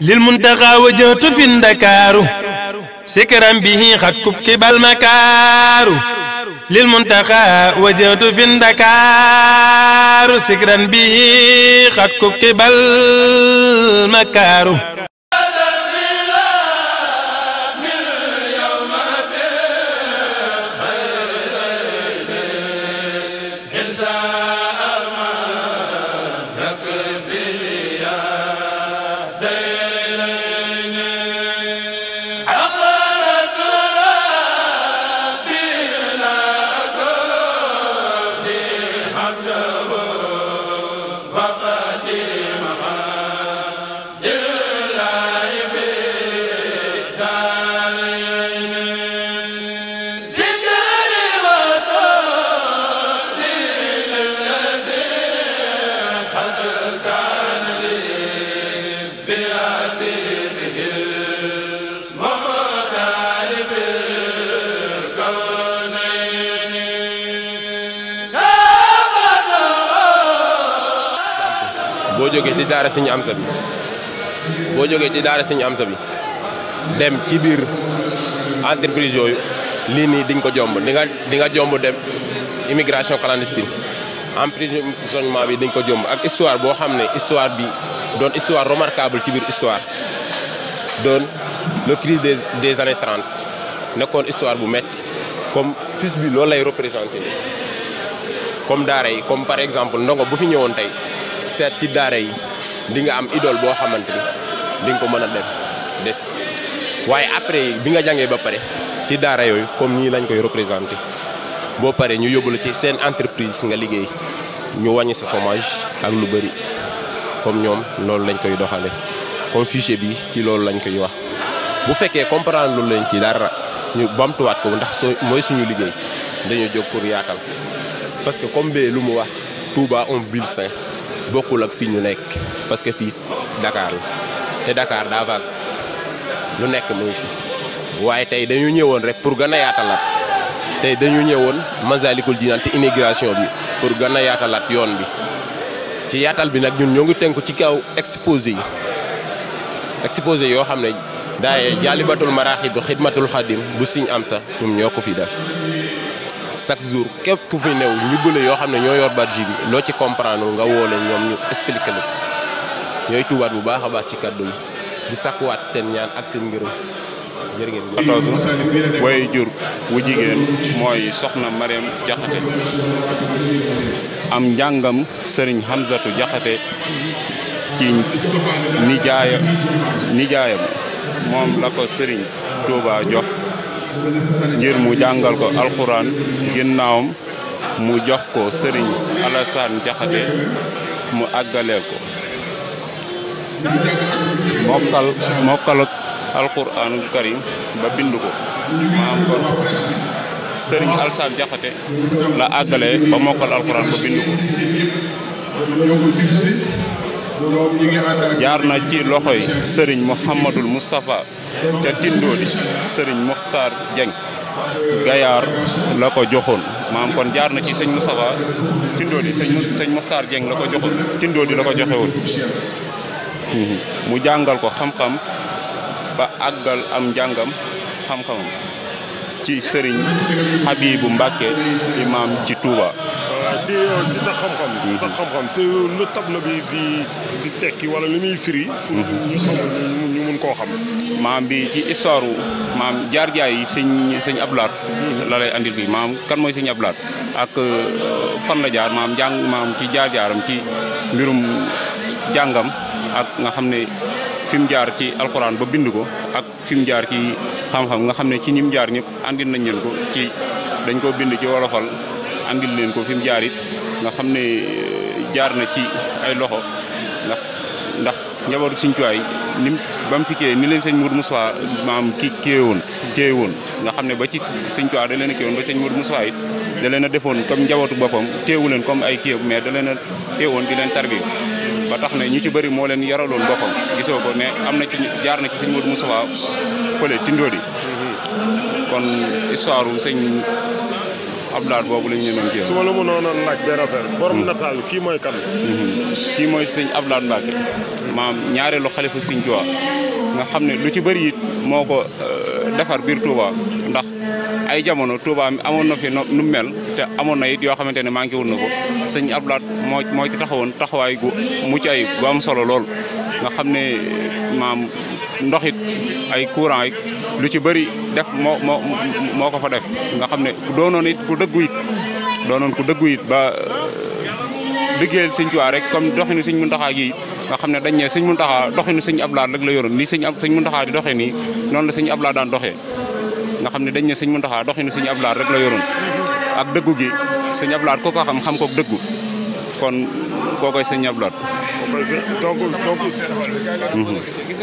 للمنتقى وجهت في الدكار سكرا به قد كبال المكار للمنتقى وجهت في الدكار سكرا به قد كبال المكار jógee ci daara Sëñ Amsa boo jógee ci daara Sëñ Amsa bi dem ci biir entreprise yooyu lii nii diñ ko jomb di nga di nga jomb dem immigration clandestine emprisonnement bi dañ ko jomb ak histoire boo xam ne histoire bi doon histoire remarquable ci biir histoire doon le crise des des années 30 nekkoon histoire bu métti comme fils bi loolu lay représenté comme daara yi comme par exemple ndongo bu fi ñëwoon tey seet ci daara yi di nga am idole boo xamante ni di ko mën a def def waaye après bi nga jàngee ba pare ci daara yooyu comme nii lañ koy représenté boo paree ñu yóbbu la ci seen entreprise nga liggéey ñu wàññi sa chômage ak lu bëri comme ñoom loolu lañ koy doxale comme fichier bi ci loolu lañ koy wax bu fekkee comprendre lu leen ci dara ñu bamtuwaat ko ndax soo mooy suñu liggéey dañoo jog pour yaatal parce que comme bee lu mu wax Touba bokkul ak fii ñu nekk parce que fii dakaaru te dakaar daa vague lu nekk mu ngi fi waaye tey dañu ñëwoon rek pour gën a yaatalaat tey dañu ñëwoon Massalikul Jinaan te immigration bi pour gën a yaatalaat yoon bi ci yaatal bi nag ñun ñoo ngi tënku ci kaw exposé yi exposé yoo xam ne daaye jaalibatul maraaxib xidmatul xadim bu siñ am sax ñum ñoo ko fi def chaque jour képp ku fi new ñu bële yoo xam ne ñoo yor barji bi loo ci comprendre nga woo leen ñoom ñu expliqué la ñooy tuubaat bu baax a baax ci kàddu yi di sakkuwaat seen ñaan ak seen ngërëm jërë ngeen jëf. waaye jur wu jigéen mooy soxna Mariam Jaxate am njàngam sëriñ Hamzatu Jaxate ci nijaayam nijaayam moom la ko sëriñ Touba jox. ngir mu jàngal ko alxuraan ginnaawam mu jox ko sëriñ Alassane Jaxate mu àggalee ko mokkal mokkal alxuraan karim ba bind ko maam kon sëriñ Alassane Jaxate la àggalee ba mokkal alxuraan ba bind ko jaar na ci loxoy sëriñ Mouhamadul Moustapha ca Tindooli sëriñ Mokhtar Dieng Gayaar la ko joxoon maam kon jaar na ci sëñ Moustapha Tindooli sëñ sëñ Mokhtar Dieng la ko joxoon Tindooli la ko joxe mhm. mu jàngal ko xam-xam ba àggal am njàngam xam-xamam ci sëriñ Habibu Mbàkke imaam ci Touba. si si euh, sa xam-xam. si sa xam te lu tableau bi di tekki wala li muy firi. pour mun koo xam. maam bi ci histoire maam jaar-jaar yi sëñ sëñ Ablaat. la lay bi maam kan mooy sëñ Ablaat ak euh, fan la jaar maam ci jaar-jaaram ci mbirum jàngam ak nga xam ne. fi mu jaar ci alxuraan ba bind ko ak fi mu jaar ci xam-xam nga xam ne ci ñim jaar ñëpp àndin nañ leen ko ci dañ koo bind ci wolofal andil leen ko fi mu jaar nga xam ne eh, jaar na ci ay loxo ndax ndax njabootu Sëñ Tuubaa ni ba mu fi kiiyee ni leen sëñ Mourou Moussa maam ki kiiyee woon kiiyee woon nga xam ne ba ci Sëñ Tuubaa da leen a kiiyee ba sëñ Mourou Moussa it da leen a defoon comme njabootu boppam téewu leen comme ay kii mais da leen di leen tarbi ba tax ne ñu ci bari moo leen yaraloon boppam gisoo ko ne am na ci jaar na ci sëñ Mourou Moussa fële tindoori mm-hmm. kon histoire sëñ ab laat boobu lañ ñemeen ci yow. su ma la mënoon a laaj benn affaire borom nataal kii mooy kan. Mhm. kii mooy sëñ Abdoulaye Mbacke maam ñaareelu xalifa sëñ Tuuba nga xam ne lu ci bëri it moo ko euh, defar biir Touba ndax ay jamono Touba mi amoon no fi nu mel te amoon na it yoo xamante ne ngi woon na ko sëñ Abdoulaye moo moo ci taxawoon taxawaay gu mucc ayib gu am solo lool nga xam ne maam ndoxit ay courant yi lu ci bëri def moo moo ko fa def nga xam ne doonoon it ku dëggu it doonoon ku dëggu it ba euh, liggéeyal sëñ Tuubaa rek comme doxinu sëñ Muntaxaa gi nga xam ne dañ ne sëñ Muntaxaa doxinu sëñ Ablaat rek la yoroon nii sëñ sëñ Muntaxaa di doxee nii noonu la sëñ Ablaat daan doxee nga xam ne dañ ne sëñ Muntaxaa doxinu sëñ Ablaat rek la yoron ak dëggu gi sëñ Ablaat ko ko xam xam ko dëggu kon koo koy sëñ parce que donc gis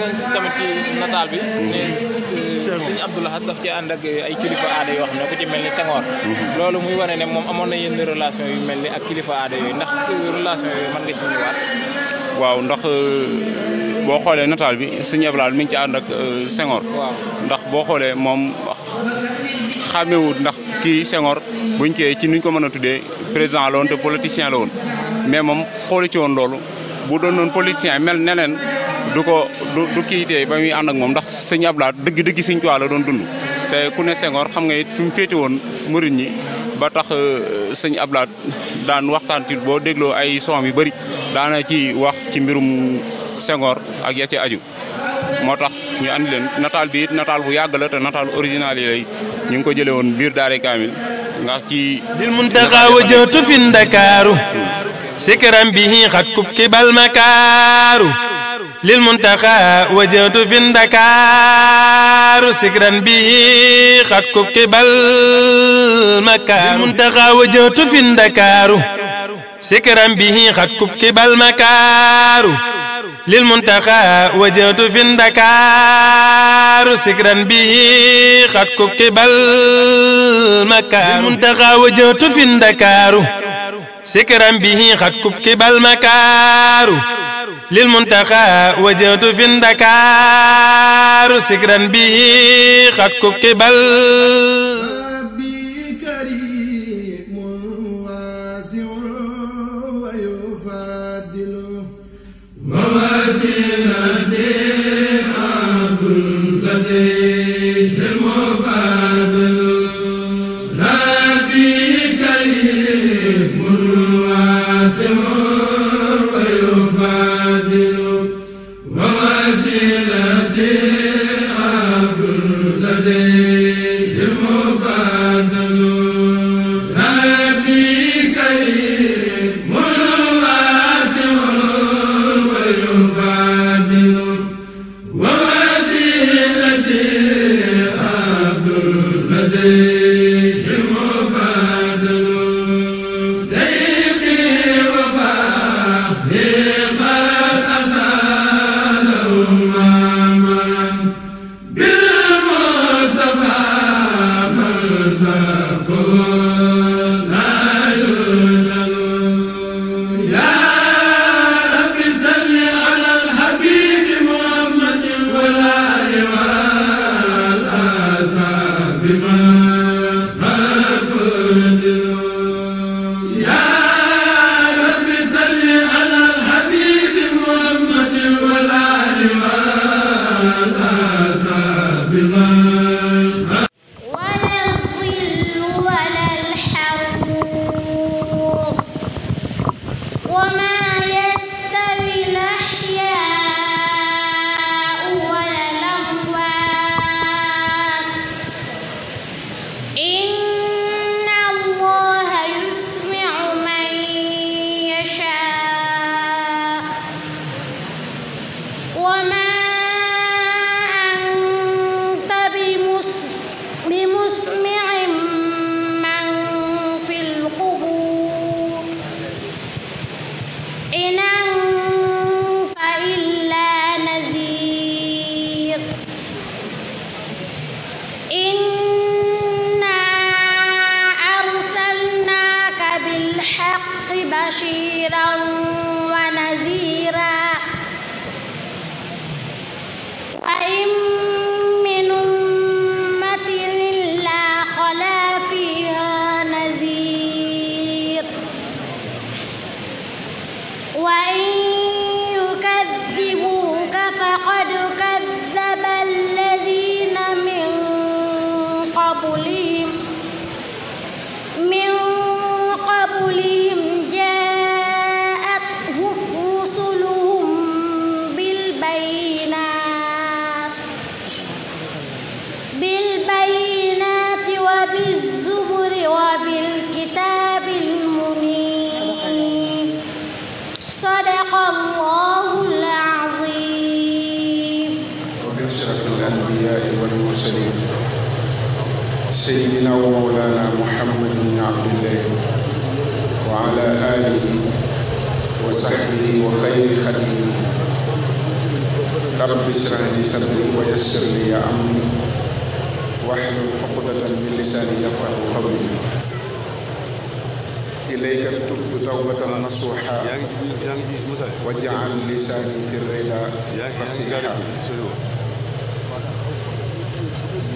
nañ tamit bi. ne sëñ Abdou daf ci ànd ay kilifa aada yoo xam ne ku ci mel ni Senghor. Mhm. loolu muy wane ne moom amoon na yenn relation yu mel ni ak kilifa aada yooyu ndax relation yooyu mën nga ci ñëwaat. waaw ndax euh, boo xoolee nataal bi sëñ Abdou Lahad mi ci ànd ak euh, ndax boo xoolee moom xàmmewut ndax kii Senghor buñ kee ci nuñ ko mën a tuddee président la woon te politicien la woon mais moom xooli ci woon loolu. bu doon noonu politicien mel neneen du ko du du kiitee ba muy ànd moom ndax sëñ Abdoulaye dëgg dëgg sëñ Tuubaa la doon dund te ku ne sengoor xam nga it fi woon murit ñi ba tax euh, sëñ Abdoulaye daan waxtaan ci boo dégloo ay soom yu bëri daana ci wax ci mbirum Senghor ak ya ci aju moo tax ñu andi leen nataal bi nataal bu yàgg la te nataal original yi ñu ngi ko jëlee woon biir Daare Kaamil ndax ci. dil muntaxaa سكرا به قد كبكب المكار للمنتقى وجهت في الدكار سكرا به قد كبكب المكار للمنتقى وجهت في الدكار سكرا به قد كبكب المكار للمنتقى وجهت في الدكار سكرا به قد كبكب المكار للمنتقى وجهت في الدكار سكرا به خد كب المكار للمنتقى وجهت في الدكار سكرا به خد كب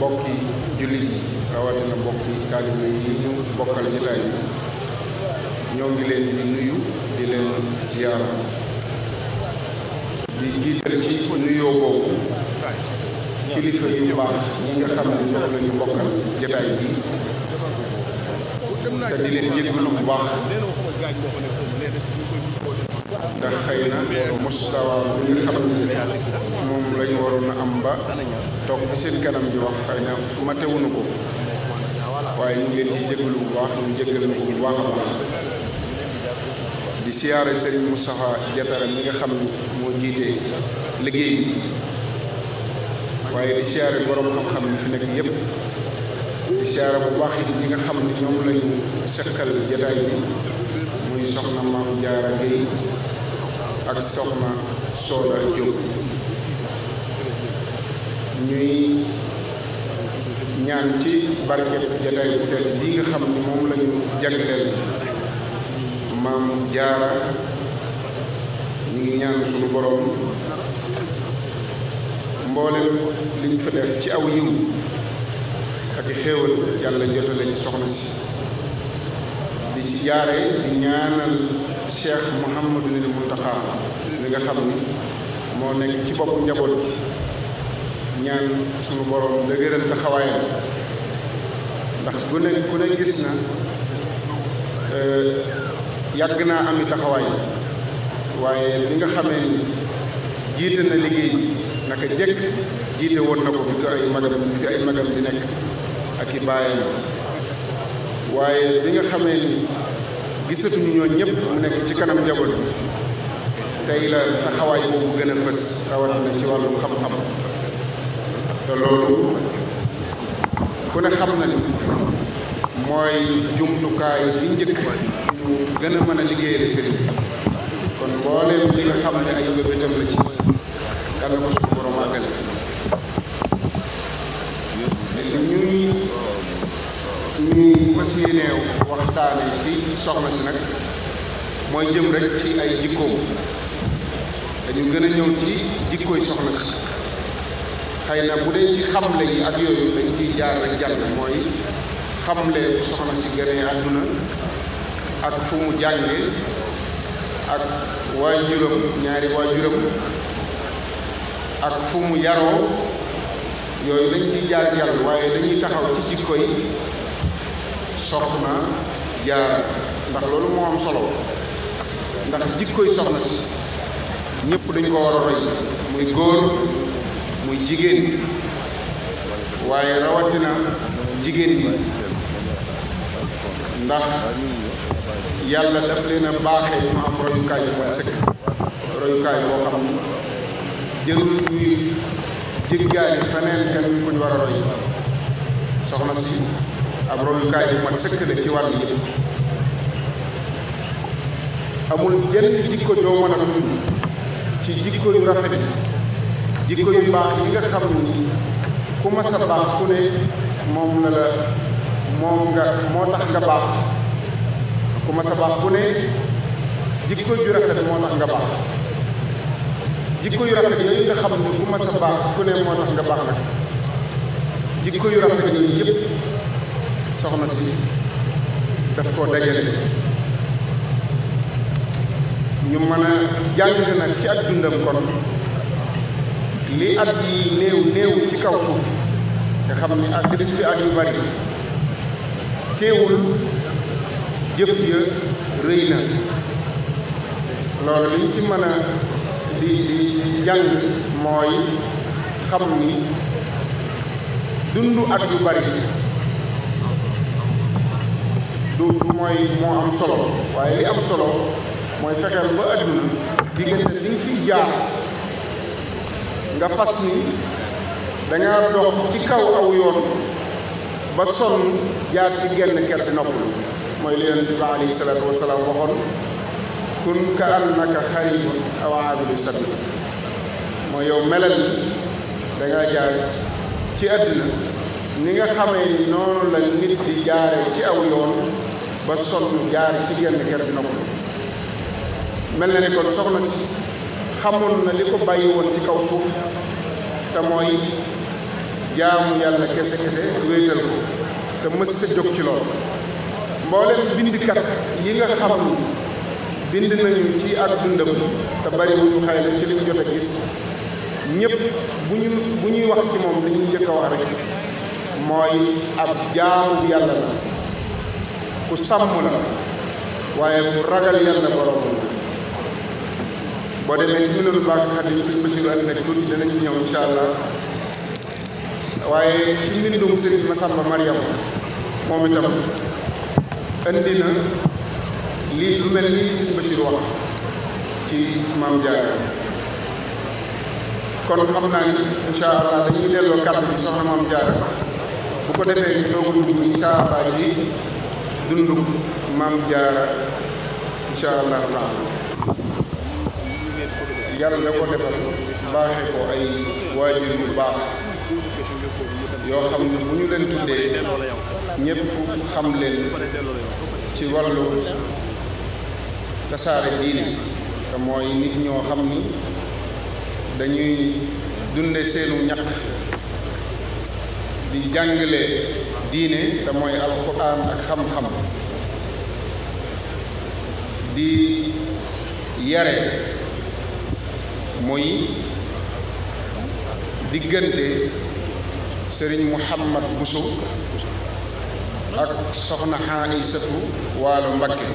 mbokki jullit yi rawatina mbokki taalibe yi ñu bokkal jotaay bi ñoo ngi leen di nuyu di leen ziyaara di jiital ci nuyoo boobu kilifa yu baax ñi nga xam ne ñoom la ñu bokkal bi te di leen jéggalu bu baax ndax xëy na mustawa bi nga xamante ne moom la ñu waroon a am ba toog fi seen kanam ji wax xëy na matewuñu ko waaye ñu ngi leen ci jégalu bu baax ñu jégalu ko bu baax a baax di siyaare Serigne Moustapha Diatara mi nga xam ni moo jiite liggéey bi waaye di siyaare borom xam-xam yi fi nekk yépp di siyaare bu baax it ñi nga xam ni ñoom la ñu seqal jataay bi muy soxna maam Jaara Gueye ak soxna Soda Diop ñuy ñaan ci barkeb jataay bu tedd bi xam ni moom lañu ñu jagleel maam jaara ñu ngi ñaan suñu boroom mboolem li ñu fa def ci aw yiw ak xéewal yàlla jotale ci soxna si di ci jaare di ñaanal cheikh Mouhamadul Mountakha li nga xam ni moo nekk ci boppu njaboot ñaan sunu borom dëgëral taxawaayam ndax ku ne ku ne gis na yàgg naa ami taxawaay waaye li nga xamee ni jiite na liggéey bi naka jekk jiite woon na ko bi ko ay magam bi ko ay magam di nekk ak i baayam waaye li nga xamee ni gisatuñu ñooñu ñëpp mu nekk ci kanam njaboot bi tey la taxawaay boobu gën a fës rawatina ci wàllu xam-xam te loolu ku ne xam na ni mooy jumtukaay bi njëkk ñu gën a mën a liggéeyal sëriñ kon mbooleem li nga xam ne ay bëbëtam la ci yàlla ko waxtaane ci soxna si nag mooy jëm rek ci ay jikkoom dañu gën a ñëw ci jikkooy soxna si xëy na bu dee ci xamle yi ak yooyu dañ ciy jaar rek jàll mooy xamle bu soxna si gënee àdduna ak fu mu jànge ak waajuram ñaari waajuram ak fu mu yaroo yooyu dañ ciy jaar jàll waaye dañuy taxaw ci jikkoy soxna jaar ndax loolu moo am solo ndax jikkoy soxna si ñépp dañ ko war a roy muy góor muy jigéen waaye rawatina jigéen bi ndax yàlla daf leen a baaxee ñu am royukaay bu mat sëkk royukaay boo xam ne jërul ñuy jéggaani feneen kenn ku ñu war a roy soxna si ab royukaay bu mat sëkk la ci wàll yëpp amul jenn jikko joo mën a tudd ci jikko yu rafet jikko yu baax yi nga xam ni ku mas a baax ku ne moom la la moom nga moo tax nga baax ku mas a baax ku ne jikko yu rafet moo tax nga baax jikko yu rafet yooyu nga xam ni ku mas a baax ku ne moo tax nga baax nag jikko yu rafet yooyu yëpp soxna si daf ko dajale ñu mën a jàng nag ci ak dundam kon li at yi néew néew ci kaw suuf nga xam ni ak dëkk fi at yu bari teewul jëf ya rëy na loolu liñ ci mën a di di jàng mooy xam ni dund at yu bari du mooy moo am solo waaye li am solo mooy fexeel ba àdduna diggante li nga fiy jaar nga fas ni danga dox ci kaw aw yoon ba sol jaar ci genn gerte noppalu mooy li yonent bi alayhi salaatu wasalaam waxoon kun ka annaka xaribun aw mooy yow mele ni dangaa jaar ci àdduna ni nga xamee ni noonu la nit di jaare ci aw yoon ba sonn jaar ci genn kër bi noppalu mel na ni kon soxna si xamoon na li ko bàyyi woon ci kaw suuf te mooy jaamu yàlla kese kese wéetal ko te mës sa jóg ci lool mboolem bindkat yi nga xam bind nañu ci ak dundam te bari wu ñu xay na ci liñ jot a gis ñépp bu ñu bu ñuy wax ci moom li ñuy njëkk a wax rek mooy ab jaamu yàlla la ku sàmm la waaye ku ragal yàlla borom boo demee ci minul bàkk xadim sëñ Basiru andi na ci tuuti danañ ci ñëw incha allah waaye ci mbindum sëriñ Masamba Mariam moom itam andi na lii lu mel ni sëñ Basiru wax ci maam Jaara kon xam naa ni incha allah dañuy delloo kàddu bi soxna maam Jaara ko defee ñu doog yàlla da ko defal baaxe ko ay waajur yu baax yoo xam ne bu ñu leen tuddee ñëpp xam leen ci wàllu tasaare diine te mooy nit ñoo xam ni dañuy dunde seenu ñaq di jàngale diine te mooy alquran ak xam-xam di yare muy diggante sëriñ Muhammad Buso ak soxna Aysatu Waalo Mbakke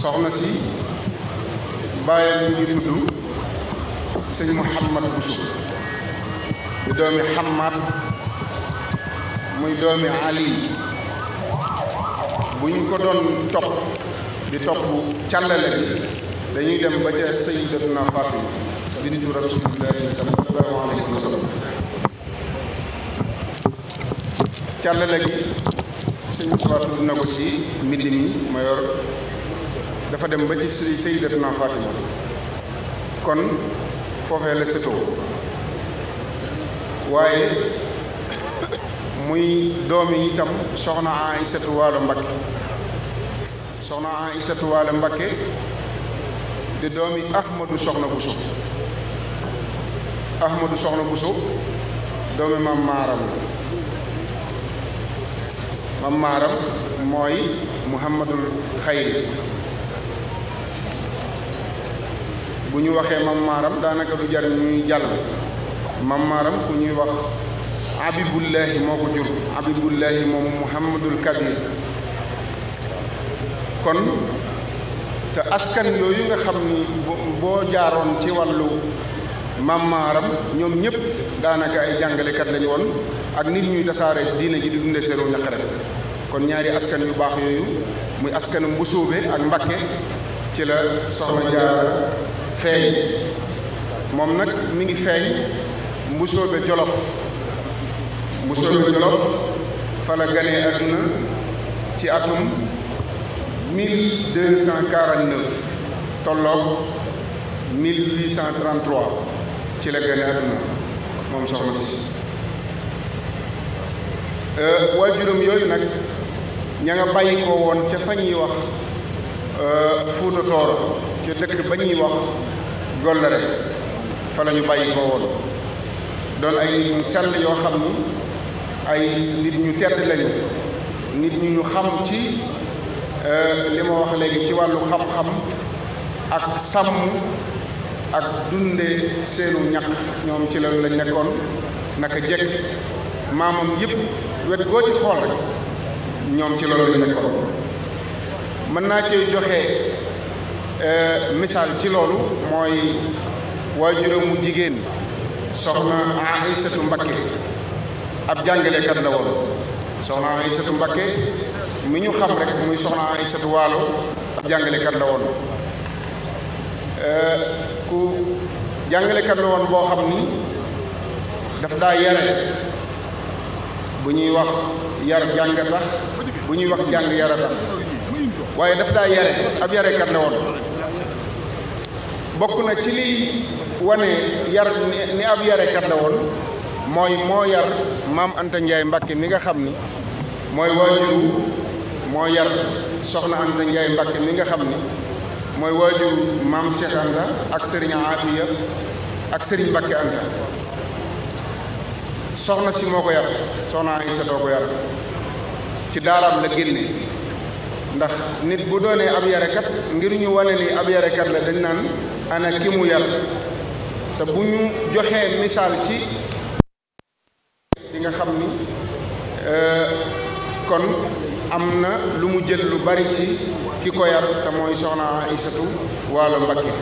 soxna si bàyyam ñu ngi tudd sëñ Muhammad Buso doomi Hammad muy doomi Ali bu ñu ko doon topp di topp càllale bi dañuy dem ba ca sayyidatuna Fatima bintu rasulillahi sallallahu alayhi càllale gi sëñ Moussa ko ci mbind mi ma dafa dem ba ci sayyidatuna Fatima kon foofee la sëtoo waaye muy doomi itam soxna aïssatu Waalo Mbakke soxna aïssatu Waalo Mbakke di doomi Ahmadou soxna Bousso Ahmadou soxna Bousso doomi Mam Maaram Mam Maaram mooy Muhammadul Xayri bu ñu waxee Mam Maaram daanaka du jar ñuy jàll maam maaram ku ñuy wax abibullahi moo ko jur abibullahi moom muhammadul kabir kon te askan yooyu nga xam ni boo jaaroon ci wàllu maam maaram ñoom ñëpp daanaka ay jàngalekat lañu woon ak nit ñuy tasaare diina ji di dunde seeru ñaqare kon ñaari askan yu baax yooyu muy bu mbusóobe ak mbakke ci la soxna jaara feeñ moom nag mi ngi feeñ Mbusoobe Jolof Mbusoobe Jolof fa la ganee àdduna ci atum 1249 tolloog 1833 ci la ganee àdduna moom soxna si euh, waajuram yooyu nag ña nga bàyyi ko woon ca fa ñuy wax euh, Fuuta Tooro ca dëkk ba ñuy wax Gollare fa la bàyyi ko woon doon ay nit ñu sell yoo xam ni ay nit ñu tedd lañu nit ñu ñu xam ci euh, li ma wax léegi ci wàllu xam-xam ak sàmm ak dunde seenu ñaq ñoom ci loolu lañ nekkoon naka jekk maamam yëpp wet goo ci xool rek ñoom ci loolu lañ nekkoon mën naa ci joxe euh, misaal ci loolu mooy waajuram mu jigéen soxna aïssatu Mbacké ab kat la woon soxna aïssatu Mbacké mi ñu xam rek muy soxna aïssatu Waalo ab kat la woon euh, ku kat la woon boo xam ni daf daa yare bu ñuy wax yar jàng tax bu ñuy wax jàng yara tax waaye daf daa yare ab kat la woon bokk na ci wane yar ni ab yarekat la woon mooy moo yar maam Anta Ndiaye Mbacke mi nga xam ni mooy waajuru moo yar soxna Anta Ndiaye Mbacke mi nga xam mooy waajuru maam Cheikh Anta ak Serigne Afiya ak Serigne Mbacke Anta soxna si moo ko yar soxna Aïssa doo ko yar ci daaraam la génne ndax nit bu doonee ab yarekat ngir ñu wane ni ab yarekat la dañ naan ana ki mu yar te buñu joxé misal ci di nga xamni euh kon amna lu mu jël lu bari ci ki yar te moy soxna aïssatu Waalo Mbakke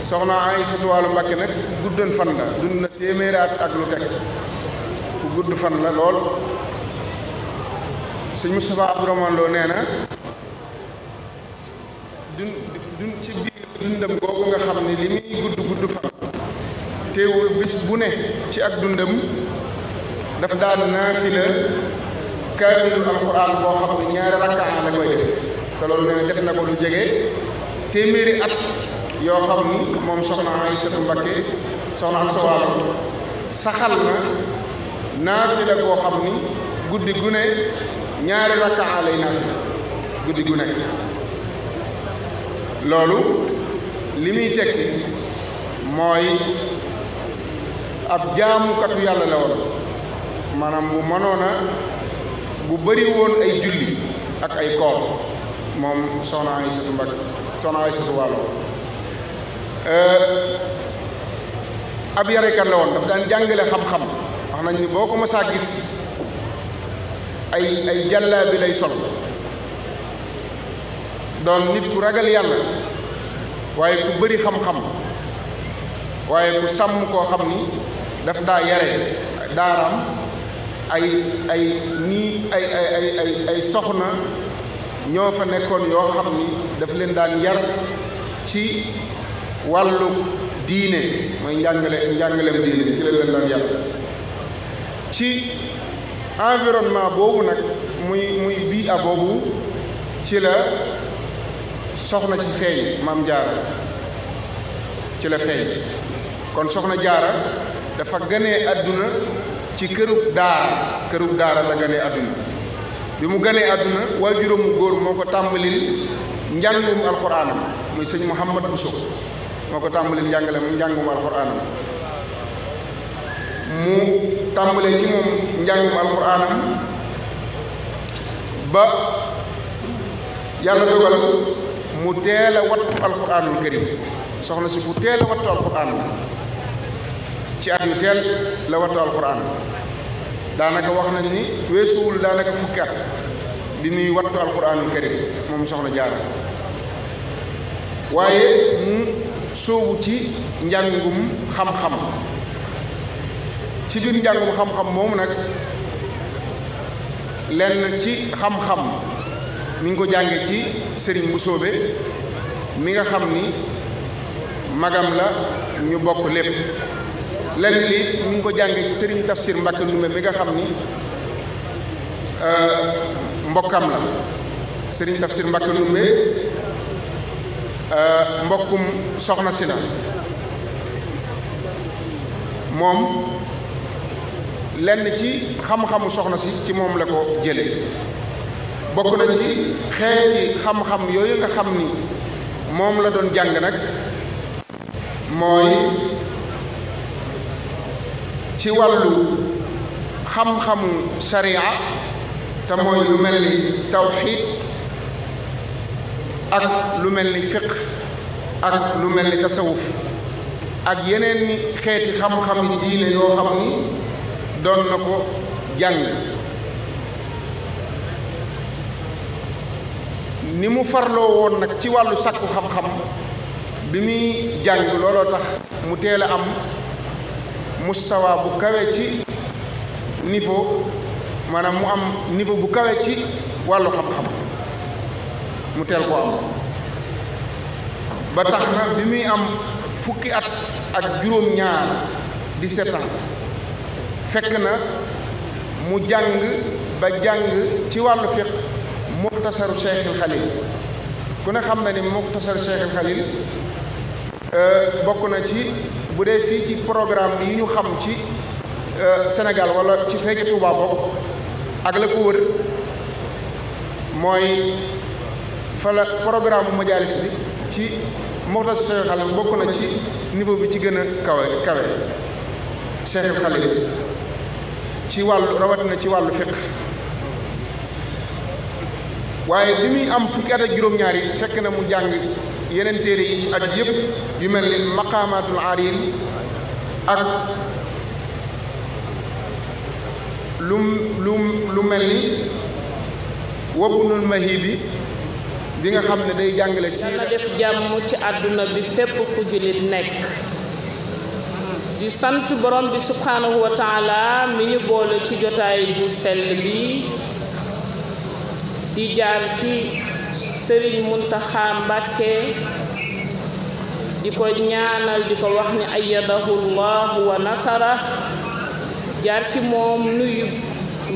soxna aïssatu Waalo Mbakke nak guddun fan la dund na téeméeri ak lu tek ku gudd fan la lol seigne Moustapha Abdourahmane Lo néna dun dun ci dundam googu nga xam ne li muy gudd gudd fan teewul bis bu ne ci ak dundam dafa daan naafila kaamilu alxuraan boo xam ne ñaari rakkaan la koy def te loolu nee na def na ko lu jege téeméeri at yoo xam ni moom soxna Aysatu Mbakke soxna Asawaalo saxal na naafila boo xam ni guddi gu ne ñaari rakkaan lay naafila guddi gu loolu li muy tekki mooy ab jaamukatu yàlla la woon maanaam bu mënoon a bu bëri woon ay julli ak ay koor moom soxna Aysatu Mbàkke soxna Aysatu Wàllo ab yarekat la woon dafa daan jàngale xam-xam wax nañ boo ko mësaa gis ay ay jàllaa lay sol doon nit ku ragal yàlla waaye ku bëri xam-xam waaye ku sàmm koo xam ni daf daa yare daaraam ay ay nii ay ay ay soxna ñoo fa nekkoon yoo xam ni daf leen daan yar ci wàllu diine mooy njàngale njàngaleem diine ci leen leen daan yar ci environnement boobu nag muy muy bii a boobu ci la soxna ci feeñ mam jaar ci la kon soxna jaara dafa gëné aduna ci kërub daar kërub daara la gëné aduna bi mu gëné aduna wajurum goor moko tambalil njangum alquran njàngum alxuraanam muy sëñ Mouhamad Bousso moko tambalil tàmbalil mu mu tambalé ci mom njangum alquran ba yalla dogal mu teel a wattu alquranul karim soxna si ku teel a wattu alquran ci at yu teel la wattu alquran daanaka wax nañ ni weesuwul daanaka fukki at bi muy wattu alquranul karim moom soxna jaar waaye mu soobu ci njàngum xam-xam ci biir njàngum xam-xam moomu nag lenn ci xam-xam mi ngi ko jànge ci sëriñ bu sóobe mi nga xam ni magam la ñu bokk lépp lenn li mi ngi ko jànge ci sëriñ tafsir mbàkke ndume mi nga xam ni euh, mbokkam la sëriñ tafsir mbàkke ndume euh, mbokkum soxna si la moom lenn ci xam-xamu soxna si ci moom la ko jële bokk na ci xeeti xam-xam yooyu nga xam ni moom la doon jàng nag mooy ci wàllu xam-xamu sariya te mooy lu mel ni tawxiid ak lu mel ni fiq ak lu mel ni tasawuf ak yeneen ni xeeti xam-xami diine yoo xam ni doon na ko jàng ni mu farloo woon nag ci wàllu sàkku xam-xam bi muy jàng looloo tax mu teel a am mustawa bu kawe ci niveau maanaam mu am niveau bu kawe ci wàllu xam-xam mu teel ko am ba tax na bi muy am fukki at ak juróom-ñaar dix-sept fekk na mu jàng ba jàng ci wàllu fiq muxtasaru Cheikhul Khalil ku ne xam na ni muxtasaru Cheikhul Khalil euh, bokk na ci bu dee fii ci programme yi ñu xam ci euh, Sénégal walla ci fekki Touba bokk ak la ko wër mooy fa la programme bi ci muxtasaru Cheikhul Khalil bokk na ci niveau bi ci gën a kawe kawe Cheikhul Khalil ci wàllu rawatina ci wàllu fiqh waaye bi muy am fukki at ak juróom-ñaari fekk na mu jàng yeneen téere yi ci aju yu mel ni maqaamaatul aariin ak lu lu lu mel ni wabnul mahibi bi nga xam ne day jàngale si dana def jàmm ci àdduna bi fépp fu jullit nekk di sant borom bi subhaanahu wa taala mi ñu boole ci jotaay bu sell bi di jaar ci Serigne Muntaxa Mbàkke di ko ñaanal di ko wax ni ayyadahu llahu wa nasara jaar ci moom nuyu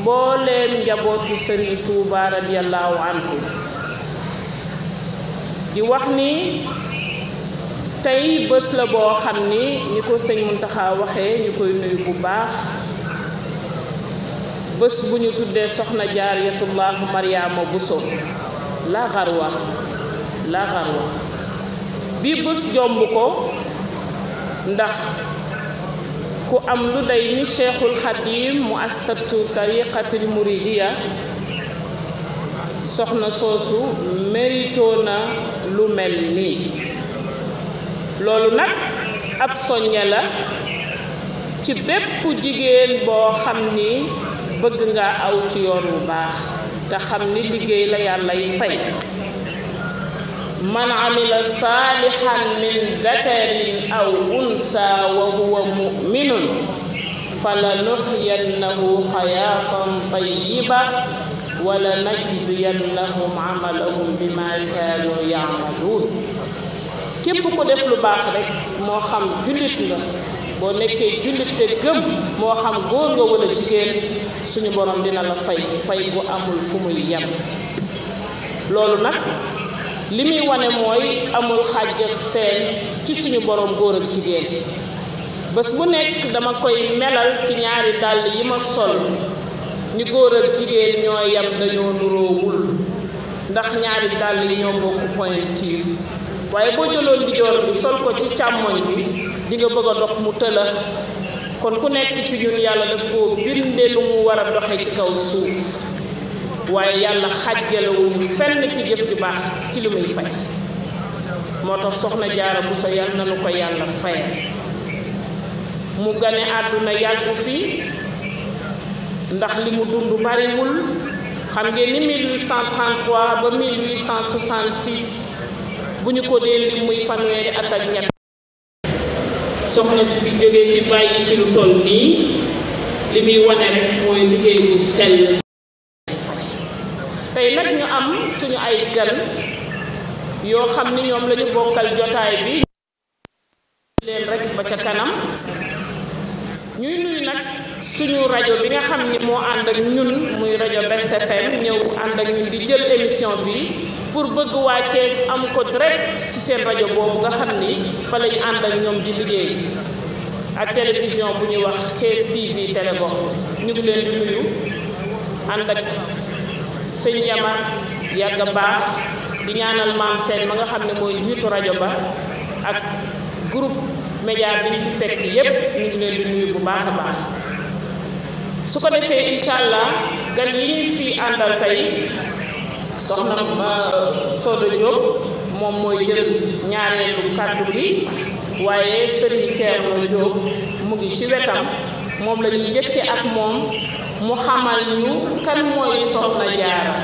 mbooleem njabootu Serigne Touba radiyallahu anhu di wax ni tey bés la boo xam ni ni ko sëñ Muntaxa waxe ñu koy nuyu bu baax bés bu ñu tuddee soxna jaariyatullaahu maryaama buso la xarwa la bi bés jomb ko ndax ku am lu day ni cheikhul xadim mu assatu tariqatil muridiya soxna soosu mérito na lu mel nii loolu nag ab soññe la ci bépp jigéen boo xam ni bëgg ngaa aw ci yoon wu baax te xam ni liggéey la yàlla yi fay man amila saalihan min dakarin aw unsa wa huwa muminun فلنحيينه حياة طيبة ولنجزينهم amalahum بما كانوا يعملون كيف كو ديف لو باخ رek mo xam julit la boo nekkee jullit te gëm moo xam góor nga a jigéen suñu borom dina la fay fay bu amul fu muy yem loolu nag li muy wane mooy amul xàjj ak seen ci suñu borom góor ak jigéen bés bu nekk dama koy melal ci ñaari dàll yi ma sol ni góor ak jigéen ñoo yem dañoo nuroowul ndax ñaari dàll yi ñoo bokk pointure waaye boo jëloon ndijoor bi sol ko ci càmmoñ bi li nga bëgg a dox mu tëla kon ku nekk ci ñun yàlla daf koo binde lu mu wara a doxe ci kaw suuf waaye yàlla xàjjalewuñu fenn ci jëf ju baax ci li muy fay moo tax soxna jaara bu so yàlla na ko yàlla fayal mu gane àdduna yàggu fi ndax li mu dund bariwul xam ngeen ni 1833 ba bu ñu ko dee lim muy fanweeri at ak ñett soxna su fi jógee fi bàyyi ci lu nii li muy wane rek mooy liggéey bu tey nag ñu am suñu ay gan yoo xam ni ñoom la bokkal jotaay bi leen rek ba ca kanam ñuy nuyu nag suñu rajo bi nga xam ni moo ànd ak ñun muy rajo Best FM ñëw ànd ak ñun di jël émission bi pour bëgg waa Thiès am ko direct ci seen rajo boobu nga xam ni fa lañu ànd ak ñoom di liggéey ak télévision bu ñuy wax Thiès TV télé bokk ñu leen di nuyu ànd ak sëñ Yamar yàgg baax di ñaanal maam seen ma nga xam ne mooy njiitu rajo ba ak groupe média bi ñu fi fekk yépp ñu ngi leen di nuyu bu baax a baax su ko defee incha allah gan yi ñu fi àndal tey soxna Soda Diop moom mooy jël ñaareelu kàddu gi waaye Serigne Thierno Diop mu ngi ci wetam moom la ñuy njëkke ak moom mu xamal ñu kan mooy soxna jaara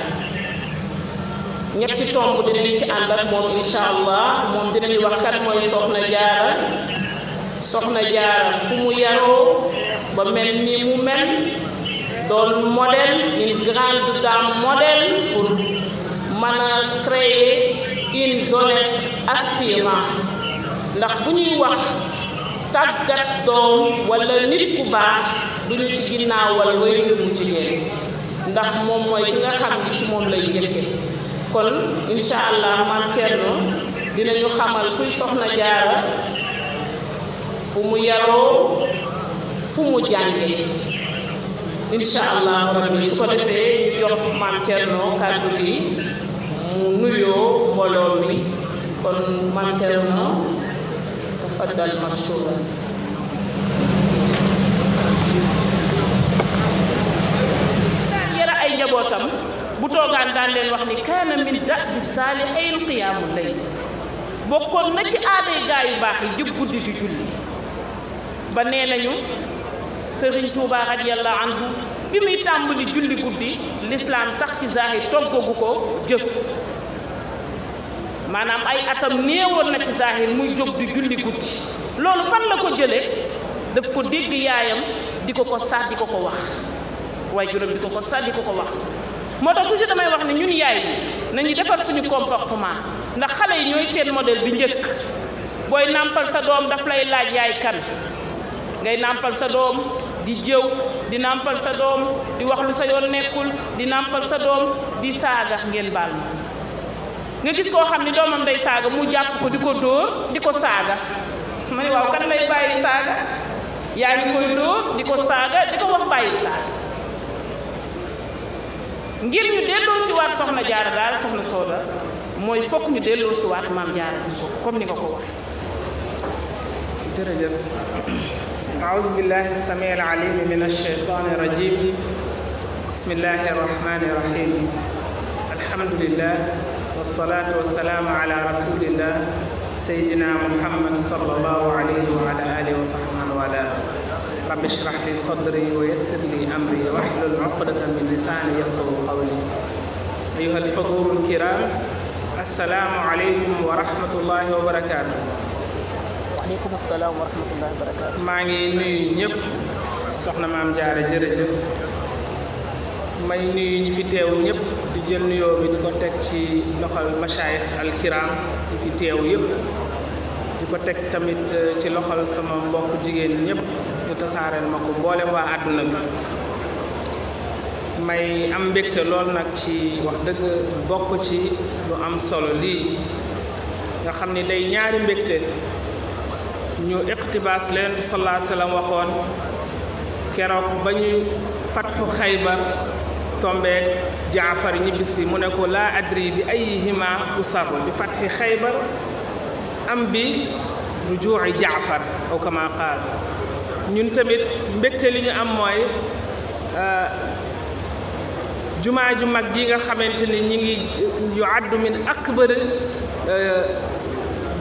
ñetti tomb dinañ ci ànd ak moom incha allah moom dinañu wax kan mooy soxna jaara soxna jaara fu mu yaroo ba mel ni mu mel doon modèle une grande dame modèle pour mën a créer une jeunesse aspirante ndax bu ñuy wax tàggat doom walla nit ku baax duñu ci ginnaawal way bu jigéen ndax moom mooy ki nga xam ni ci moom lay njëkke kon incha allah man Thierno dinañu xamal kuy soxna jaara fu mu yaroo fu mu jàngee incha allah rabbi su ko defee ñu jox maam kàddu gi mu nuyoo mbooloo mi kon maam Thierno tafaddal mashkura yara ay njabootam bu toogaan daan leen wax ni kaana min da'bi saalihiin qiyaamu layl bokkoon na ci aaday gaa yu baax yi jëpp guddi di julli ba nee nañu Serigne Touba radiyallahu anhu bi muy tàmbali julli guddi lislaam sax ci zaahir toggagu ko jëf maanaam ay atam néewoon na ci zaahir muy jóg di julli guddi loolu fan la ko jële daf ko dégg yaayam di ko ko sax di ko ko wax waaye juróom di ko ko sax di ko ko wax moo tax toujours damay wax ne ñun yaay yi nañu defar suñu comportement ndax xale yi ñooy seen modèle bi njëkk booy nàmpal sa doom daf lay laaj yaay kan ngay nàmpal sa doom di jew di nampal sa dom di wax lu sa yon nekul di nampal sa dom di saga ngeen bal nga gis ko xamni ni doomam day saga mu japp ko di ko diko di mani waw kan lay bàyyi saga yaa ngi koy dóor di saga diko wax bàyyi saga ngir ñu delo ci wat soxna jaar dal soxna soda moy fokk ñu delo ci wat mam jaar bu so comme ni nga ko waxee jërëjëf أعوذ بالله السميع العليم من الشيطان الرجيم بسم الله الرحمن الرحيم الحمد لله والصلاة والسلام على رسول الله سيدنا محمد صلى الله عليه وعلى آله وصحبه وعلى رب اشرح لي صدري ويسر لي أمري واحلل عقدة من لساني يقول قولي أيها الحضور الكرام السلام عليكم ورحمة الله وبركاته aleykum salaam maa ngi nuyu ñëpp soxna maam jaare jërëjëf may nuyu ñi fi teew ñëpp di jël nuyoo bi di ko teg ci loxol machaayix alkiram ñi fi teew yépp di ko teg tamit eh, ci loxol sama mbokk jigéen ñëpp ñu tasaareel ma ko mboolem waa àdduna bi may am mbégte lool nag ci wax dëgg bokk ci lu am solo lii nga xam ni day ñaari mbégte ñu iqtibaas leen bi sallallahu alayhi wasallam waxoon keroog ba ñu fatxu xaybar tombeeg jaafar bisi mu ne ko la adri bi ayyihima usar bi fatxi xaybar am bi rujuu jaafar aw kama qaal ñun tamit mbégte li ñu am mooy jumaa ju mag gi nga xamante ni ñi ngi yu addu min akbar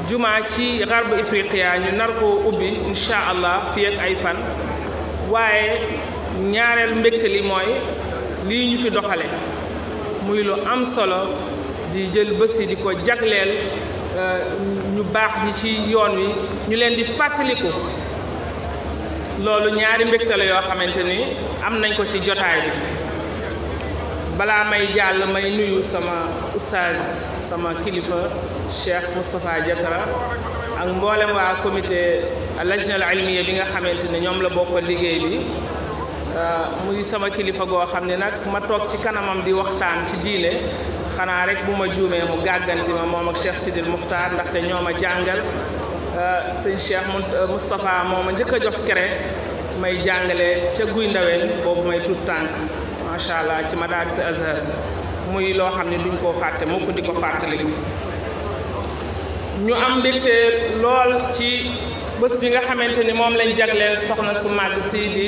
jumaa ci xarb ifriqiya ñu nar koo ubbi incha allah fii ak ay fan waaye ñaareel mbégte mooy lii ñu fi doxale muy lu am solo di jël bési di ko jagleel euh, ñu baax ñi ci yoon wi ñu leen di fàttaliku loolu ñaari mbégte yoo xamante ni am nañ ko ci jotaay bi balaa may jàll may nuyu sama ustaaz sama kilifa الشيخ مصطفى جكرا ak mboolem wa comité lajnal almiya bi nga xamanteni ñom la bokk liggey bi muy sama kilifa go xam nak ma tok ci kanamam di waxtaan ci diine xana rek bu ma juumee mu gaganti ma mom ak cheikh Sidil Muxtaar ndax te ñoma jàngal seigne cheikh mustafa moma jëk jox kere may jàngale ci guy ndaween bobu may tout tànk ma sha allah ci madaris azhar muy lo xam duñ ko faté mukk di ko fàttali ñu am mbégte lool ci bés bi nga xamante ni moom lañ jagleel soxna su màgg sii di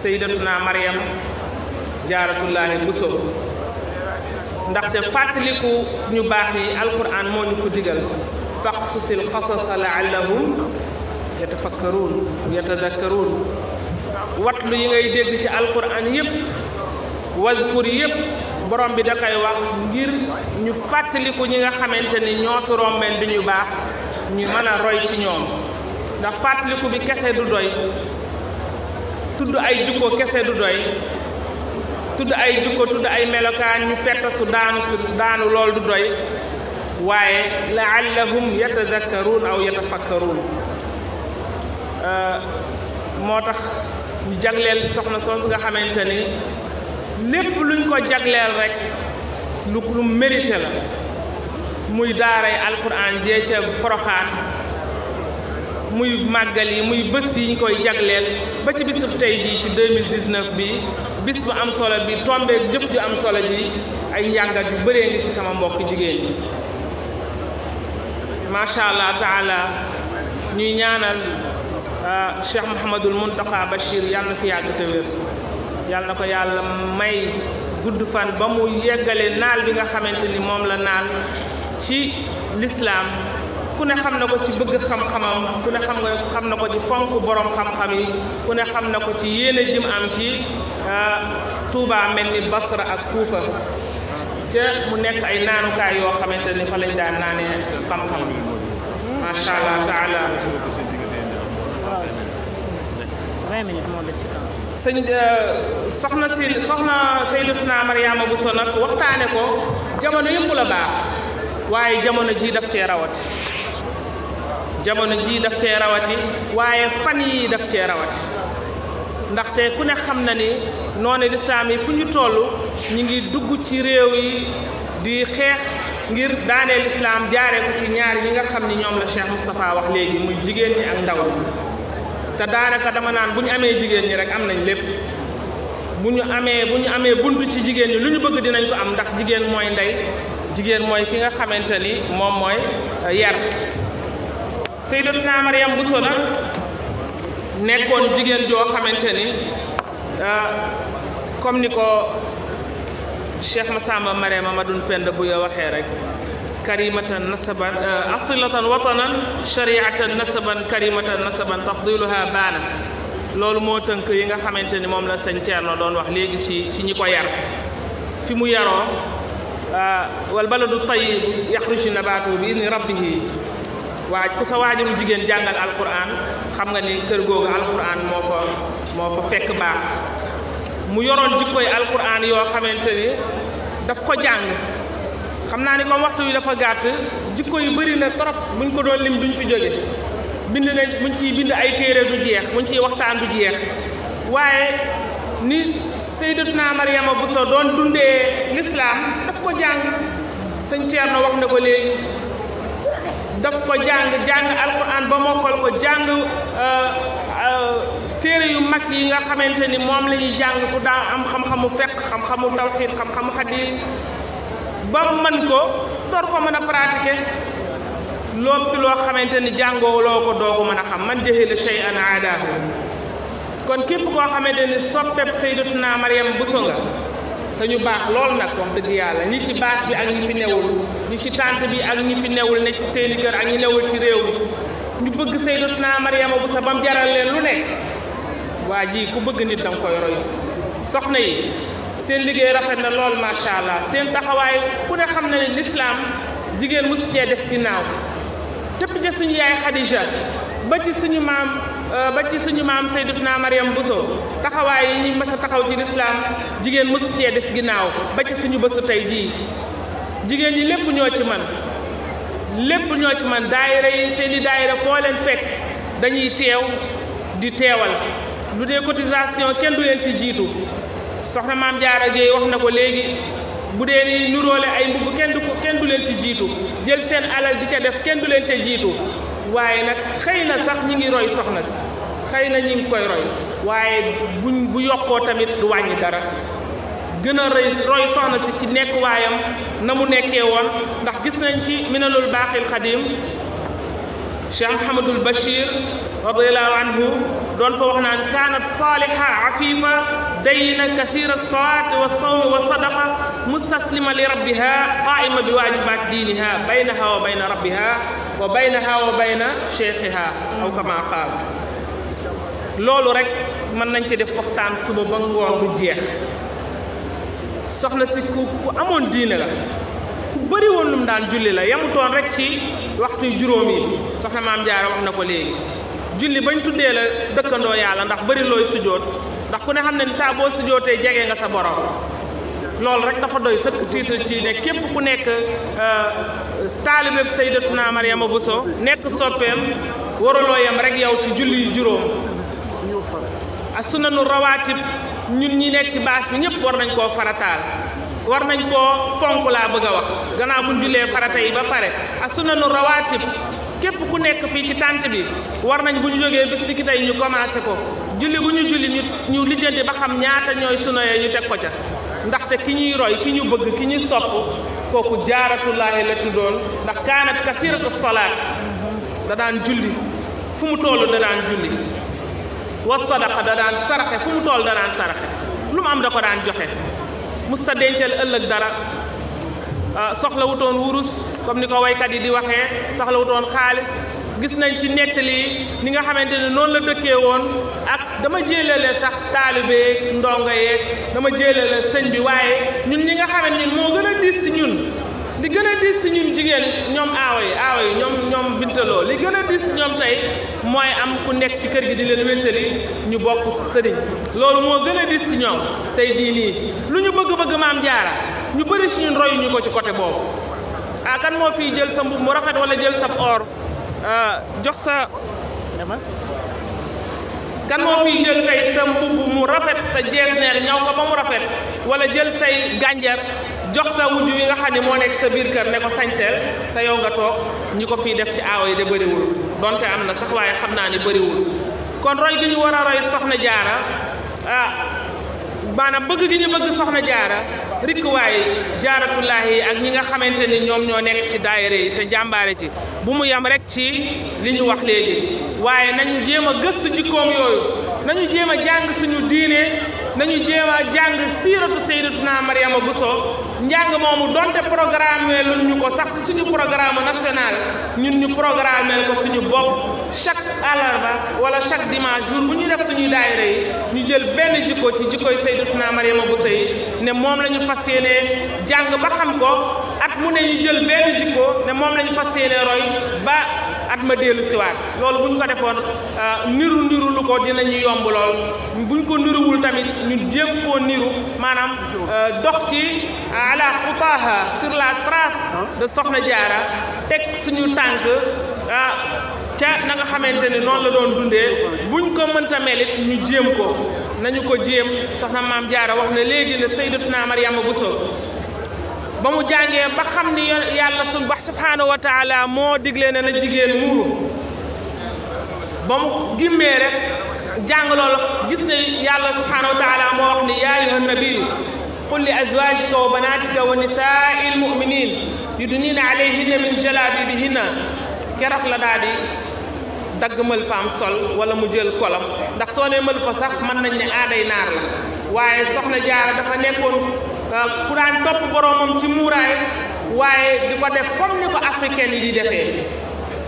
sayyidatuna Mariam jaaratullaahi Buso ndaxte fàttaliku ñu baax yi alquran moo ñu ko digal faqsusil qasasa laallahum yatafakkaruun yatadakkaruun watlu yi ngay dégg ci alquran yépp wazkur yépp borom bi da koy wax ngir ñu fàttaliku ñi nga xamante ni ñoo fi rombeen bi ñu baax ñu mën a roy ci ñoom ndax fàttaliku bi kese du doy tudd ay jukko kese du doy tudd ay jukko tudd ay melokaan ñu fetta su daanu lool du doy waaye laallahum yatadakkaruun aw yatafakkaruun euh, moo tax ñu jagleel soxna soosu nga xamante ni lépp luñ ko jagleel rek lu lu mérité la muy daaray alquran jee ca poroxaan muy màggal yi muy bës yi ñu koy jagleel ba ci bisub tey jii ci 2019 bi bis bu am solo bi tombee jëf ju am solo ji ay njàngat yu bëree ngi ci sama mbokk jigéen ñi macha allah taala ñuy ñaanal ah, Cheikh Mouhamadul Muntaqa Bachir yàlla na fi yàgg te yàlla na ko yàlla may gudd fan ba mu yeggale naal bi nga xamante ni moom la naal ci lislaam ku ne xam na ko ci bëgg xam-xamam ku ne xam nga xam na ko ci fonk borom xam-xam yi ku ne xam na ko ci yéene jëm am ci Touba mel ni Basra ak Kuufa te mu nekk ay naanukaay yoo xamante ni fa lañ daan naanee xam-xam macha allah taala. 20 minutes moo des ci kaw. sëñ euh, soxna si soxna Seydatuna Mariama Bousso nag waxtaane ko jamono yëpp la baax waaye jamono ji daf cee rawati jamono ji daf cee rawati waaye fan yi daf cee rawati ndaxte ku ne xam na ni noonu lislaam yi fu ñu toll ñu ngi dugg ci réew yi di xeex ngir daaneel lislaam jaaree ko ci ñaar yi nga xam ni ñoom la Cheikh Moustapha wax léegi muy jigéen ñi ak ndaw ñi te daanaka dama naan bu ñu amee jigéen ñi rek am nañ lépp bu ñu amee bu ñu amee bunt ci jigéen ñi lu ñu bëgg dinañ ko am ndax jigéen mooy ndey jigéen mooy ki nga xamante ni moom mooy uh, yar Sayyidatuna Maryam Bousso la nekkoon jigéen joo xamante ni uh, comme ni ko Cheikh Massamba Marème Mamadou Penda bu yo waxee rek كريمة نسبا أصلة وطنا شريعة نسبا كريمة نسبا تفضيلها بانا loolu Lalu tënk yi nga xamante ni moom la sëñ Thierno doon wax léegi ci ci ñi ko yar fi mu eh, wal baladu tayib yaxruju nabaatu bi idni rabbihi waaj alquran xam nga alquran moo fa moo fa fekk alquran yoo xamante ni daf xam naa ni comme waxtu wi dafa gàtt jikko yu bëri na trop buñ ko doon lim duñ fi jóge bind nañ buñ ciy bind ay téere du jeex buñ ciy waxtaan du jeex waaye ni Seydatuna Mariama Bousso doon dundee lislaam daf ko jàng sëñ na wax ne ko léegi daf ko jàng jàng alquran ba mokkal ko jàng euh, euh, téere yu mag yi nga xamante ni moom lañuy ñuy jàng ku daa am xam-xamu fekk xam-xamu tawxiid xam-xamu xadiis ba man ko door ko mën a pratiquer lépp loo xamante ni jàngoo loo ko doo ko mën a xam man jahila shay'an aadaahu kon képp koo xamante ni soppeb sayyidatuna Maryam Bousso nga te ñu baax lool nag wax dëgg yàlla ñi ci bâche bi ak ñi fi newul ñi ci tànt bi ak ñi fi newul ne ci seeni kër ak ñi newul ci réew mi ñu bëgg sayyidatuna Maryama Bousso ba mu jaral leen lu nekk waa ji ku bëgg nit danga koy roy soxna yi seen liggéey rafet na lool macha allah seen taxawaay ku ne xam na ne lislaam jigéen mosu cee des ginnaaw tëpp ca suñu yaay Khadija ba ci suñu maam euh, ba ci suñu maam naa Mariam Bousso taxawaay yi ñu mës taxaw ci lislaam jigéen mosu cee des ginnaaw ba ci suñu bésu tey jii jigéen ñi lépp ñoo ci man lépp ñoo ci man daayira yi seen i daayira foo leen fekk dañuy teew di teewal lu dee cotisation kenn du leen ci jiitu soxna mam Jaara ge wax na ko léegi bu dee ni nuróole ay mbubb ken du ko ken du len ci jitu jël sen alal di ca def ken du len ci jitu waye nak xeyna sax ñi ngi roy soxna si xëy ñi ngi koy roy waye buñ bu yokko tamit du wàññi dara gëna a roy soxna ci ci nekk wayam na mu nekkee woon ndax gis nañ ci minalul baqil qadim شيخ محمد البشير رضي الله عنه دون فوخنا كانت صالحه عفيفه دينا كثير الصلاة والصوم والصدقة مستسلمة لربها قائمة بواجبات دينها بينها وبين ربها وبينها وبين شيخها أو كما قال لولو رك من نانتي ديف وقتان سبو بان غور بو جيخ سخنا سي كو كو امون دين لا كو بري وون لوم دان جولي لا يام تون رك سي وقتي جورومي سخنا مام جارا واخ نكو جولي بان تودي لا دكاندو يالا ndax بري لوي سجوت ndax ku ne xam ne ni saa boo sujjootee jege nga sa borom loolu rek dafa doy sëkk titre ci ne képp ku nekk euh, taalibeb Sayyidatuna Mariama Bousso nekk soppeem waraloo yam rek yow ci julli juróom ak sunanu rawaatib ñun ñi nekk ci bâche bi ñëpp war nañ koo farataal war nañ koo fonk laa bëgg a wax gannaaw mu jullee farata yi ba pare ak sunanu rawaatib képp ku nekk fii ci tànt bi war nañ bu ñu jógee bis ci ki ñu commencé ko julli bu ñu julli ñu ñu lijjanti ba xam ñaata ñooy sunu ñu teg ko ca ndaxte ki ñuy roy ki ñu bëgg ki ñu sopp kooku jaaratullaahi la tuddoon ndax kaanat kasiratu salaat da daan julli fu mu toll da daan julli wa sadaqa da daan saraxe fu mu toll da daan saraxe lu mu am da ko daan joxe mu sa dencal ëllëg dara ah, soxla wutoon wurus comme ni ko waykat yi di waxee soxla wutoon xaalis gis nañ ci nettali ni nga xamante ne noonu la dëkkee woon ak dama jéelale sax taalibe ndongo yeeg dama jéelale sëñ bi waaye ñun ñi nga xamante ñun moo gën a diis si ñun li gën a diis si ñun jigéen ñoom aawa yi aawa yi ñoom ñoom bintaloo li gën a diis si ñoom tey mooy am ku nekk ci kër gi di leen wéttali ñu bokk sëriñ loolu moo gën a diis si ñoom tey jii nii lu ñu bëgg-bëgg maam jaara ñu bëri si ñun royu ko ci côté boobu ah moo fii jël sa mbub mu rafet jël sa or Euh, jox sa kan moo fi jël tey sa mbubb mu rafet sa jeesneer ñaw ko ba mu rafet wala jël say gànjar jox sa wujj yi nga xam ne moo nekk sa biir kër ne ko sañseel te yow nga toog ñi ko fii def ci aawo yi de bëriwul donte am na sax waaye xam naa ne bariwul kon roy gi ñu war a roy soxna jaara ah maanaam bëgg gi ñu bëgg soxna jaara rikkuwaay jaaratullaahi ak ñi nga xamante ni ñoom ñoo nekk ci daayira yi te jàmbaare ci bu mu yem rek ci li ñu wax léegi waaye nañu jéem a gëstu jikkoom yooyu nañu jéem a jàng suñu diine nañu jéem a jàng siiratu sayyidatuna bu Buso njàng moomu donte programme lu ñu ko sax ci suñu programme national ñun ñu programmeel ko suñu bopp chaque àllarba wala chaque dimanche jour bu ñu def suñuy daayira yi ñu jël benn jikko ci jikkoy Sayyidatuna Mariama Bousso yi ne moom la ñu fas yéenee jàng ba xam ko at mu ne ñu jël benn jikko ne moom la ñu fas yéenee roy ba at ma dellu siwaat loolu bu ñu ko defoon euh, niru niru lu ko dinañu yomb lool bu ñu ko niruwul tamit ñu jéem koo niru maanaam euh, dox ci euh, ala xutaaha sur la trace de Soxna Jaara teg suñu tànk ca na nga xamante ni noonu la doon dundee buñ ko mënta melit ñu jéem ko nañu ko jéem soxna maam Jaara wax ne léegi ne Sayyidatuna Maryama Bousso ba mu jàngee ba xam ni yàlla sun ba subhaanahu wa taala moo digle ne na jigéen muuru ba mu gimmee rek jàng loolu gis ne yàlla subhaanahu wa taala moo wax ni yaa ayyuhan nabiyyu qul li azwaajika wa banaatika wa nisaa'i l-mu'miniin yudniina alayhinna min jalaabiibihinna keroog la daal di dagg mël faam sol wala mu jël kolam ndax soo ne mël fa sax mën nañ ne aaday naar la waaye soxna jaara dafa nekkoon Euh, ku daan topp boroomam ci muuraay waaye di ko def comme ni ko africain yi di defee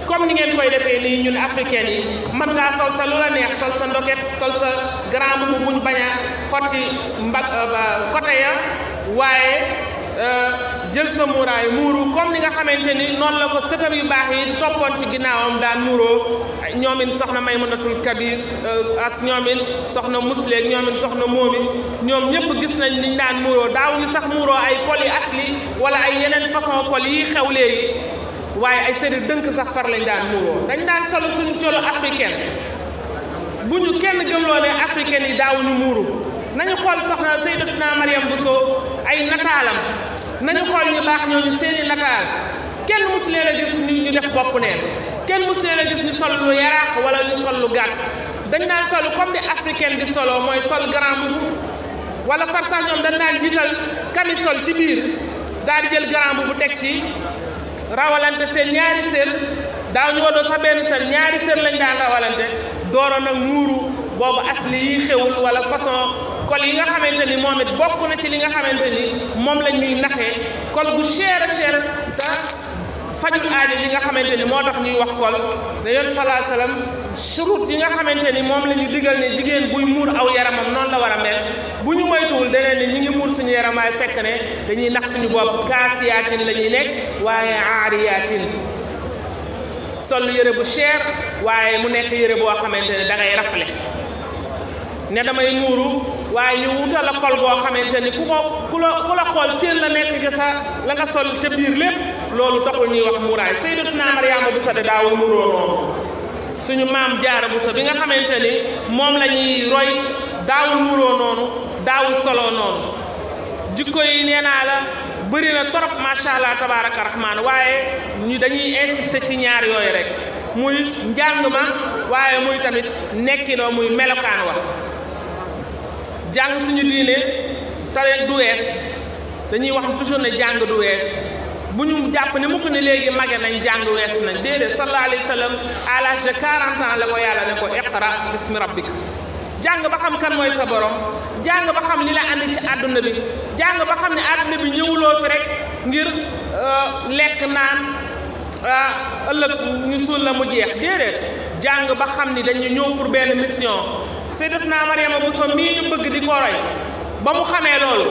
comme ni ngeen koy defee nii ñun africain yi mën ngaa sol sa lu la neex sol sa ndoket sol sa grand bu buñ bañ a xotti mbag euh, côté ya waaye Euh, jël sa muuraay muuru comme ni nga xamante ni noonu la ko sëtam yu baax yi toppoon ci ginnaawam daan muuroo ñoomin soxna Maymunatul Kabir euh, ak ñoomin soxna Musleek ñoomin soxna Moomi ñoom ñëpp gis nañ niñ daan muuroo daawuñu sax muuroo ay kol yi asli wala ay yeneen façon kol yi xew léegi waaye ay sëri dënk sax far lañ daan muuroo dañ daan solo suñu colo africaine bu ñu kenn gëmloo ne africaine yi daawuñu muuru nañu xool soxna Sayyidatuna Mariam Bousso ay nataalam nañu xool ñu baax ñooñu seeni nataal kenn mus leen a gis ni ñu kenn mus leen a gis sol lu yaraax wala ñu sol lu gàtt dañ daan sol comme ni africaine di solo mooy sol grand boubou wala far sax ñoom dañ daan jiital camisole ci biir daal di jël grand bu teg ci rawalante seen ñaari sër daa ñu wadoo sa benn sër ñaari sër lañ daan rawalante dooroon ak muuru boobu asli yi xewul wala façon kol yi nga xamante ni moom it bokk na ci li nga xamante ni moom la ñuy naxee kol gu cher a cher te fajul aajo yi nga xamante ni moo tax ñuy wax kol da yoon salaa salaam surut yi nga xamante ni moom la ñu digal ne jigéen buy muur aw yaramam noonu la war a mel bu ñu moytuwul deneen ni ñi ngi muur suñu yaramaay fekk ne dañuy nax suñu bopp kaasiyaatin la ñuy nekk waaye aariyaatin sol yëre bu cher waaye mu nekk yëre boo xamante ne da ngay rafle ne damay muuru waaye ñu wutal la kol boo xamante ni ku ko ku la ku la xool seen la nekk nga la nga sol te biir lépp loolu taxul ñuy wax muuraay Sayyidatuna Mariama Bousso de daawul muuroo noonu suñu maam Jaara Bousso bi nga xamante ni moom la ñuy roy daawul muuroo noonu daawul soloo noonu jikko yi nee naa la bëri na torop macha allah tabaaraka rahmaan waaye ñu dañuy insister ci ñaar yooyu rek muy njàng ma waaye muy tamit nekkinoo muy melokaan wa jàng suñu diine tare du wees dañuy wax toujours ne jàng wees bu ñu jàpp ne mukk ne léegi mage nañ jàng wees nañ déedéet sallallahu à l'âge de 40 yàlla ne ko iqra bismi rabbik jàng ba xam kan mooy sa borom jàng ba xam li la andi ci àdduna bi jàng ba xam ne àdduna bi ñëwuloo fi rek ngir euh, lekk naan euh, ëllëg ñu suul la mu jeex déedéet jàng ba xam ni dañu ñëw pour benn mission Sayyidatuna Mariama Bousso mii ñu bëgg di ko roy ba mu xamee loolu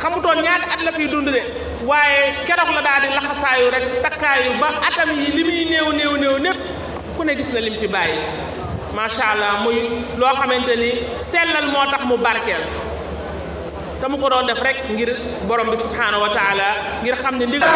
xamutoon ñaata at la fiy dund de waaye keroog la daal di laxasaayu rek takkaayu ba atam yi li muy néew néew néew népp ku ne gis na lim fi bàyyi macha allah muy loo xamante ni sellal moo tax mu barkeel te mu ko doon def rek ngir borom bi subhaanahu wa ngir xam ne ndigal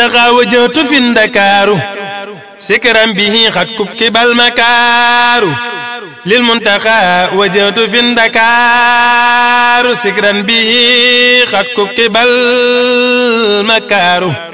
دغا وجوت في الدكار سكرم به قد كبكب المكار للمنتقى وجوت في الدكار سكرم به قد كبكب المكار